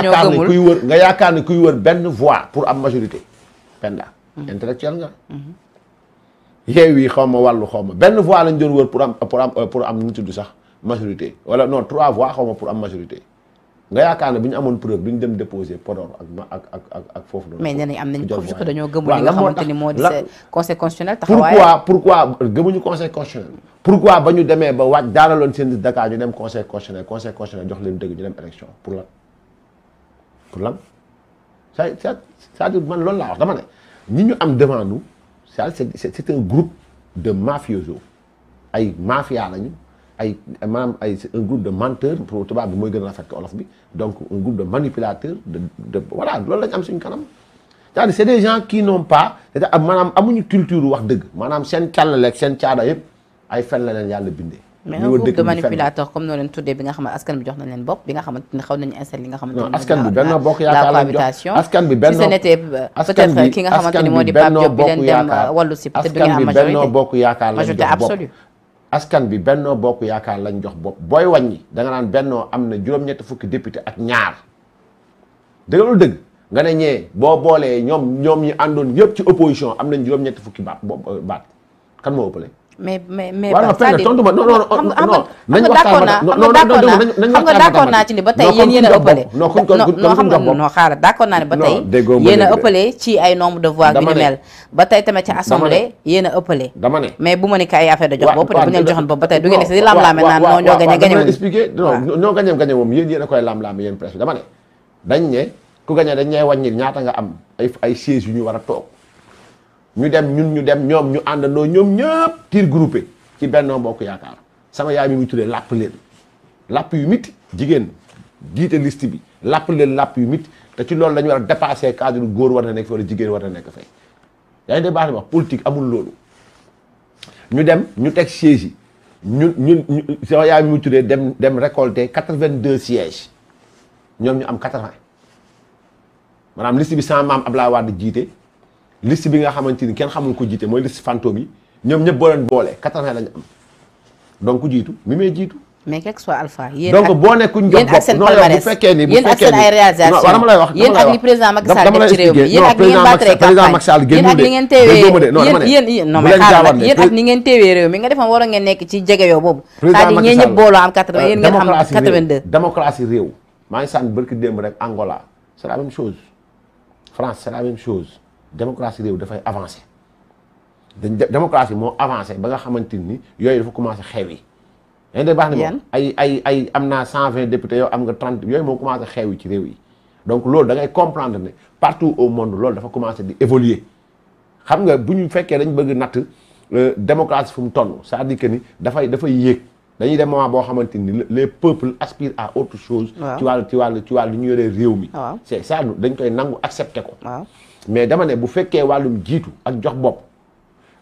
yaakaar ne kuy wër nga yaakaar ne kuy wër benn voix pour am majorité penda mhm. intellectuel nga mhm. yeew yi xaw ma wàllu xaw ma benn voix lañ doon wër pour am pour am tudd sax majorité wala non trois voix xaw ma pour am majorité nga yaakaar ne bu ñu amoon preuve du ñu dem déposé Podor ak ak ak ak ak foofu noonu. mais nee nañ am nañ preuve parce que dañoo gëmul li nga xamante ni moo di. conseil constitutionnel taxawaay pourquoi ba ñu demee ba waaj daanaloon seen Dakar ñu dem conseil constitutionnel conseil constitutionnel jox leen dëgg ñu dem élection pour lan c'est-à-dire man loolu laa wax dama ne ñi ñu am devant nous c'est c'est un groupe de mafioso ay mafia lañu ay maanaam ay c'est un groupe de menteurs pour tubaab bi mooy gën a rafet ko olof bi donc un groupe de manipulateurs de de voilà loolu lañu am suñu kanam c'est-à-dire c'est des gens qui n'ont pas c'est-à-dire maanaam amuñu culture wax dëgg maanaam seen càllaleeg seen caada yëpp ay fen la leen yàlla bindee mais un groupe de manipulateurs comme noo leen tuddee bi nga xamante askan bi jox nañ leen bopp bi nga xamante ne xaw nañu installé li nga xamante ne bi bokk yaakaar la cohabitation askan bi benn si bi benn bokk yaakaar lañ jox bennoo bokk yaakaar lañ jox bopp booy wàññi da nga naan bennoo am na juróom-ñetti fukki député ak ñaar dëggalul dëgg nga ne ñee boo boolee ñoom ñoom ñi àndoon ñëpp ci opposition am nañ juróom-ñetti fukki baat baat kan moo ëppale mais mais mais ba c'est-à-dire non non non xam nga d'accord naa naa ni ba tey yéen yéen a ëppale non xam nga non ci ay nombre de voix bi mel ba tey tamit ci assemblée yéen a ëppale dama bu ma ni ka da jox bopp bu ngeen joxoon bopp ba tey du ne si lam-laame naan non ñoo gañe gañe moom yéen yéen a koy lam-laame yéen presse dama ne dañ ne ku gañe dañ ñay wàññil ñaata nga am ay ay sièges yu ñu war a toog ñu dem ñun ñu dem ñoom ñu àndandoo ñoom ñëpp tir groupe ci benn Bokk Yaakaar sama yaay mi muy tuddee làpp leen làpp yu mit jigéen jiite liste bi làpp leen làpp yu mit te ci loolu la ñu war a dépassé cadre góor war na nekk fi jigéen war na nekk fay yaa ngi dégg amul loolu ñu dem ñu teg siège ñu ñu sama yaay mi muy tuddee dem dem récolter quatre-vingt-deux sièges ñoom ñu am quatre-vingts maanaam liste bi sama maam Abdoulaye Wade jiite liste bi nga xamante ni kenn xamul ko jiite mooy liste fantôme yi ñoom ñëpp boo leen boole quatre-vingt lañu am donc ku jiitu mi may jiitu. mais que soit alpha. yéen ak ni président Macky Sall def ci réew mi nga defoon waroon ngeen nekk ci jege yow boobu c'est-à-dire booloo am 80 yéen ngeen am 82 maa ngi sànni barki démb rek Angola c'est la chose France c'est la chose démocratie réew dafay avancé dañ démocratie moo avancé ba nga xamante ni yooyu dafa commencé xew yi. yaa ngi baax ay ay ay am naa cent vingt députés yow am nga trente yooyu moo commencé xew ci réew yi. donc loolu da ngay comprendre partout au monde loolu dafa commencé di évoluer xam nga bu ñu fekkee dañ bëgg natt euh, démocratie fu mu toll c'est-à-dire ni dafay dafay yéeg dañuy dem moment boo xamante ni les peuples aspirent à autre chose. ci wàllu ci wàllu ci wàllu ñu yoree réew mi. c'est ça dañ koy nangu accepté ko. mais dama ne bu fekkee wàllum jiitu ak jox bopp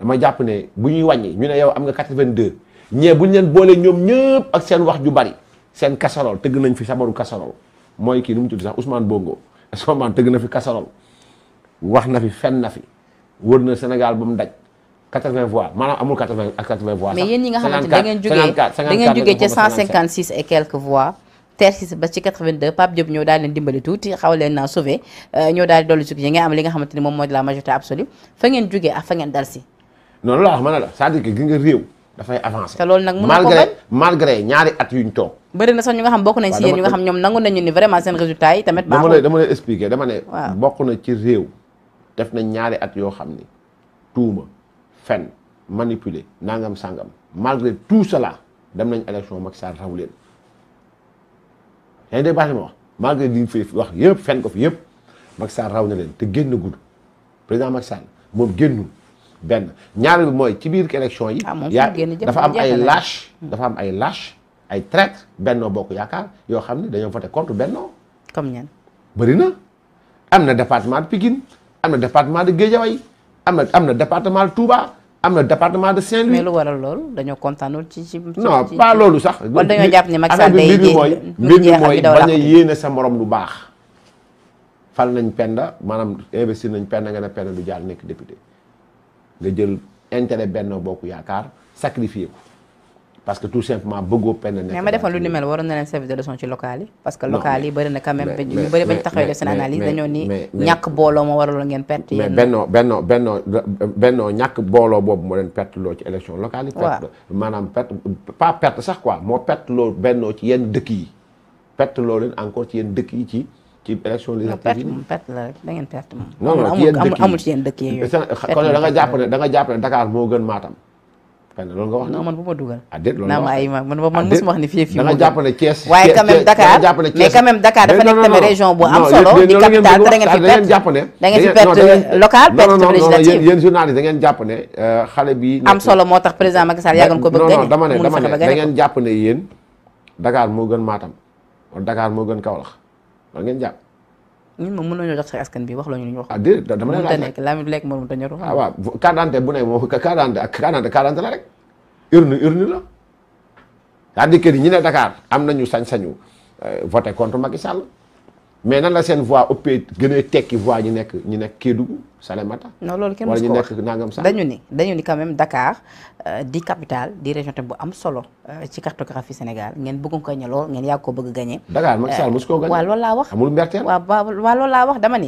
dama jàpp ne bu ñuy wàññi ñu ne yow am nga 82 ñee bu ñu leen boolee ñoom ñëpp ak seen wax ju bari seen casserole tëgg nañ fi sabaru casserole mooy kii nu mu tudd sax Ousmane Bongo Ousmane tëgg na fi casserole wax na fi fen na fi wër na Sénégal ba mu daj. 80 voix maanaam amul 80 ak 80 voix. mais yéen nga xamante da ngeen jógee da ngeen jógee ca 156 et quelques voix. tersis ba ci 82 Pape Diop ñëw daal leen dimbali tuuti xaw leen naa sauvé euh, ñëw daal di dolli sukk yi nga am li nga xamante ni moom moo di la majorité te loolu nag mën na ko bañ malgré ñaari at yuñ toog bëri na sax ñu nga xam bokk nañ si yéen ñu nga xam ñoom nangu nañu ni vraiment seen résultat bokk na réew def nañ ñaari at yoo xam ni tuuma fen manipuler nangam sangam malgré tout cela dem nañ élection Macky Sall raw leen yaa ngi dégg baax li ma wax malgré li yëpp fen ko fi yëpp Macky Sall raw na leen te génn gudd président Macky Sall moom génnul benn ñaareel bi mooy ci biir élection yi ah, yaa dafa am ay lâche hmm. dafa am ay lâche ay traître Benno Bokk Yaakaar yoo xam ne dañoo voté contre Benno comme ñan bëri na am na departement de Pikine am na département de Guédiawaye am na am na département de ba am na département de Saint-Louis. mais lu waral loolu dañoo kontaanul ci ci. non pas loolu sax. wala dañoo jàpp ne Macky Sall mooy mbir mi mooy bañ a yéene sa moroom lu baax. fal nañ penda maanaam investir nañ penda nga ne penda du jàll nekk député nga jël intérêt benn bokk yaakaar sacrifier parce que tout simplement bëggoo penn nekk. mais ma defoon lu ni service de leçon ci local parce que local yi bëri na quand même. ñu bëri bañ taxawee def analyse dañoo ni ñàkk booloo moo waraloon ngeen perte. yéen mais bennoo bennoo bennoo bennoo ñàkk booloo boobu moo leen perte loo ci élection locale yi. perte maanaam pas perte sax quoi moo perte loo bennoo ci yenn dëkk yi perte loo leen encore ci yenn dëkk yi ci. ci élection législative yi perte la rek da moom. dëkk yi amul amul ci yenn dëkk yi. kon da nga jàpp ne da nga jàpp xëy na loolu nga wax. non man bu ma dugal. ah déet loolu nga wax naa ma ay ma man man mosuma ah, wax ni fii fii. da nga jàppale Thiès waaye quand même dafa nekk tamit région bu am solo. di capitale te da fi perte da ngeen fi ah, perte locale perte législative. yéen journaliste ne euh, xale bi. am solo moo tax président Macky Sall yàggoon ko bëgg gañe. dama ne dama ne da ngeen jàpp moo gën Matam wala Dakar moo gën Kaolack wala ngeen jàpp ñun moom mën nañoo jox sa askan bi wax la ñu ñu wax. ah déedéet dama lay nekk laa mi lekk moom ta ñor. ah waaw carte bu nekk moom carte d'identité ak carte d'identité carte d'identité la rek. urne urne la c'est-à-dire que ñi ne Dakar am ñu sañ-sañu euh, voté contre Macky Sall. mais nan la seen voix ëppee gën a tekki voix ñi nekk ñi nekk Kédougou Salémata non loolu kenn wala ñu nekk nangam ni dañu ni euh, di capitale di région te bu am solo euh, ci cartographie Sénégal ngeen bëgg ko gañe lool ngeen yàgg ko bëgg gañe Dakar Macky Sall euh, mosu gañe waaw loolu laa wax amul mberteel waaw waaw loolu laa wax dama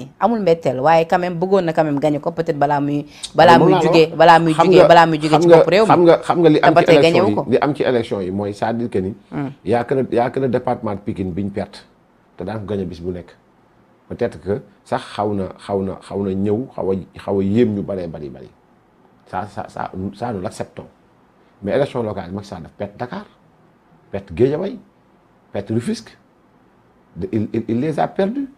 waaye quand même bëggoon gañe ko peut-être balaa muy balaa muy jugee balaa muy jugee balaa ci bopp réew mi xam nga xam li am ci élection yi li am ci élection yi mooy cest dire que ni hmm. yaa kën a te daan ko gañe bis bu nekk peut-être que sax xaw na xaw na xaw na ñëw xaw a xaw a yéem ñu bëree bari bari ça ça ça ça la l'acceptons mais élection locale Macky Sall daf perte Dakar perte Guédiawaye perte Rufisque il il les a perdus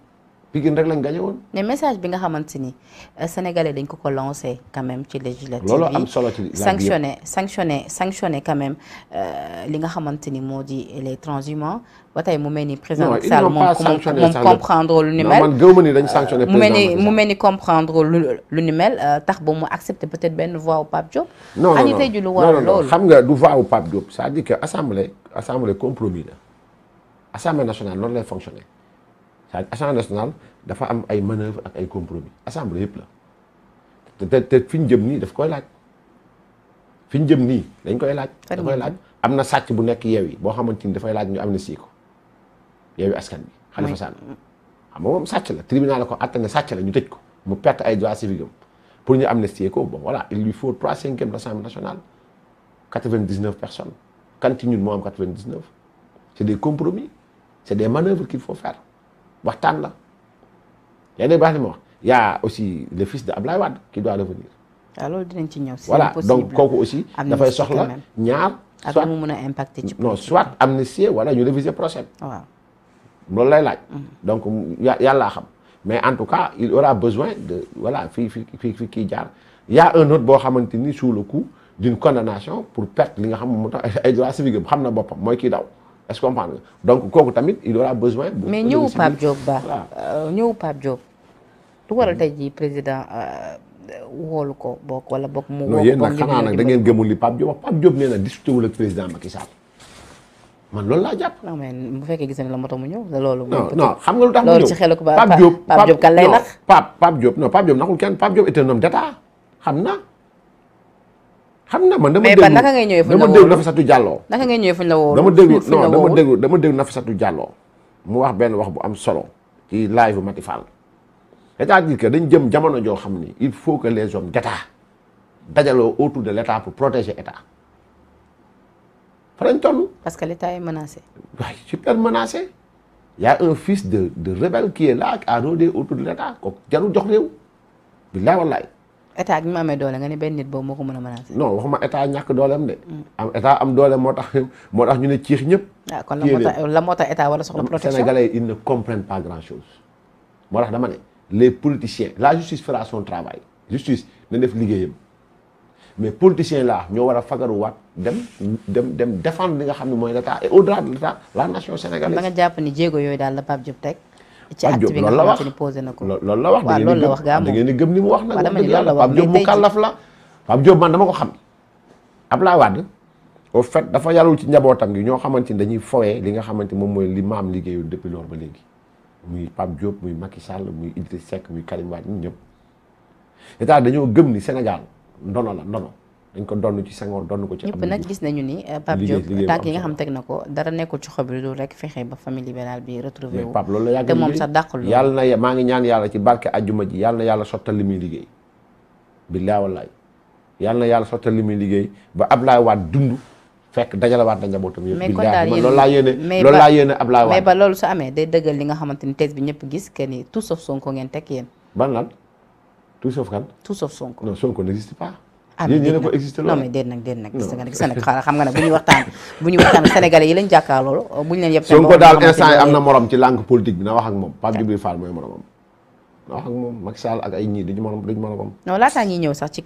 Pikine rek lañ gañe message bi nga xamante ni euh, sénégalais dañ ko ko loncé quand même ci législative bi am solo ci sanctionné sanctionné sanctionné quand euh, li nga xamante ni moo di les transhumants ba tey mu mel ni président Sall moom moom comprendre lu ni mu mel ni mu mel ni comprendre lu lu mel euh, tax ba mu accepté peut-être benn voix wu Pape Diop non ani tey ji lu nga du voix wu Pape Diop c'est-à-dire que assemblée assemblée compromis la assemblée lay fonctionner c'est-à-dire nationale dafa am ay manœuvre ak ay compromis assemblée yëpp la te fi ñu jëm nii daf koy laaj fi ñu jëm nii dañ koy laaj. dañ am na sàcc bu nekk yeew yi boo xamante ni dafay laaj ñu amnistie ko yeewi askan bi Khalifa Sall xam nga moom sàcc la tribunal la ko àtte ne sàcc la ñu tëj ko mu perte ay droits civiques am pour ñu amnistier ko bon voilà il lui faut trois cinquième de l'Assemblée nationale quatre-vingt-dix-neuf personnes kan ci ñun moo am quatre-vingt-dix-neuf c'est des compromis waxtaan la yaa dégg baax li ma wax aussi le fils de Ablaye Wade qui a revenir waaw ah, loolu dinañ ci ñëw si voilà donc kooku aussi dafay soxla ñaar soit mu mën a impacter ci non soit amnistie wala ñu réviser procès waaw loolu lay laaj mm-hmm. donc yàllaa xam mais en tout cas il aura besoin de voilà fii fi fii kii jaar yaa a un autre boo xamante ni sous le coup d'une condamnation pour perte li nga xam moo tax ay droits civiques xam na boppam mooy ki daw est-ce que comprendre nga donc kooku tamit il aura besoin. mais ñëw Pape Diop ba euh, ñëw Pape Diop. lu waral hmm. tey jii président euh, woolu ko bokk wala bokk mu. woo ko yéen nag xanaa nag da ngeen gëmul li Pape Diop wax Pape Diop nee na discuté wul ak président Macky Sall man loolu mu jàpp. non mais bu fekkee na la tax mu ñëw la loolu. non non xam nga lu tax mu ñëw loolu ci xel ko Pape Diop Pape Diop kan lay nax. Pape Pape Diop non Pape Diop naxul kenn Pape Diop est un homme xam na. xam na man dama déglu mais naka ngay ñëwee fu ñu la woo ngay ñëwee fu ñu la woo dama déglu non dama déglu mu wax benn wax bu am solo ci live bu Mati Fall cest dañ jëm jamono joo xam ni il faut que les hommes d'État dajaloo autour de l'État pour protéger État fa lañ toll. parce que l'État est menacé. waaye super menacé. y a un fils de de rebelle qui est là à rôder autour de l'État kooku jarul jox réew. billaay wallaay. état bi doole nga ne benn nit boobu moo ko mën a menacer. non waxuma état ñàkk dooleem de. Mm. am état am doole moo tax ñu ne ciix ñëpp. waaw ah, la moo tax la moo wala soxla protection sénégalais ils ne comprennent pas grand chose. moo tax dama ne les politiciens la justice fera son travail justice na def liggéeyam mais politiciens la ñoo war fagaru fagaruwaat dem dem dem défendre li nga xam ne mooy la l'état et au-delà de l'état la nation sénégalaise. ba nga jàpp ni jéego yooyu daal la Pape Diop teg. ci acte bi nga xamante ni posé na ko loolu la wax waaw loolu la wax gaa moom da ngeen di gëm li mu wax nag ni loolu la wax Pape mu kàllaf la Pape Diop man dama ko xam Abdoulaye Wade oo fet dafa yarul ci njabootam gi ñoo xamante ni dañuy foyee li nga xamante moom mooy li maam liggéeyul depuis loolu ba léegi muy Pape Diop muy Macky Sall muy Idriss Seck muy Karim Wade ñun ñëpp état dañoo gëm ni Sénégal ndono la ndono dañ ko donn ci Senghor donn ko ci ñëpp nag gis nañu ni eh, Pape Diop tànk yi nga xam teg na ko dara nekkul ci xob yi du rek fexe ba famille libérale bi loolu la yàgg te moom sax li muy liggéey billaa wallaay yàlla na yàlla sottal li muy liggéey ba Ablaye Wade dund fekk dajalawaat na njabootam yëpp mais kon daal yéen loolu laa yéene loolu laa yéene Ablaye Wade mais ba loolu su li nga xamante ni thèse bi gis que ni tout sauf Sonko ngeen teg yéen ban lan tout sauf kan tout sauf Sonko non Sonko Ah, yéen yéen a ko existé loolu non mais déet nag déet nag gis nga bu ñuy waxtaan bu ñuy waxtaan sénégalais yi lañ loolu bu ñu leen yëpp Sonko daal instant am na morom ci langue politique bi na wax ak moom Pape Djibril Fall mooy moromam na wax ak moom Macky Sall ak ay ñii duñu morom duñu moromam non laataa ñuy ñëw sax ci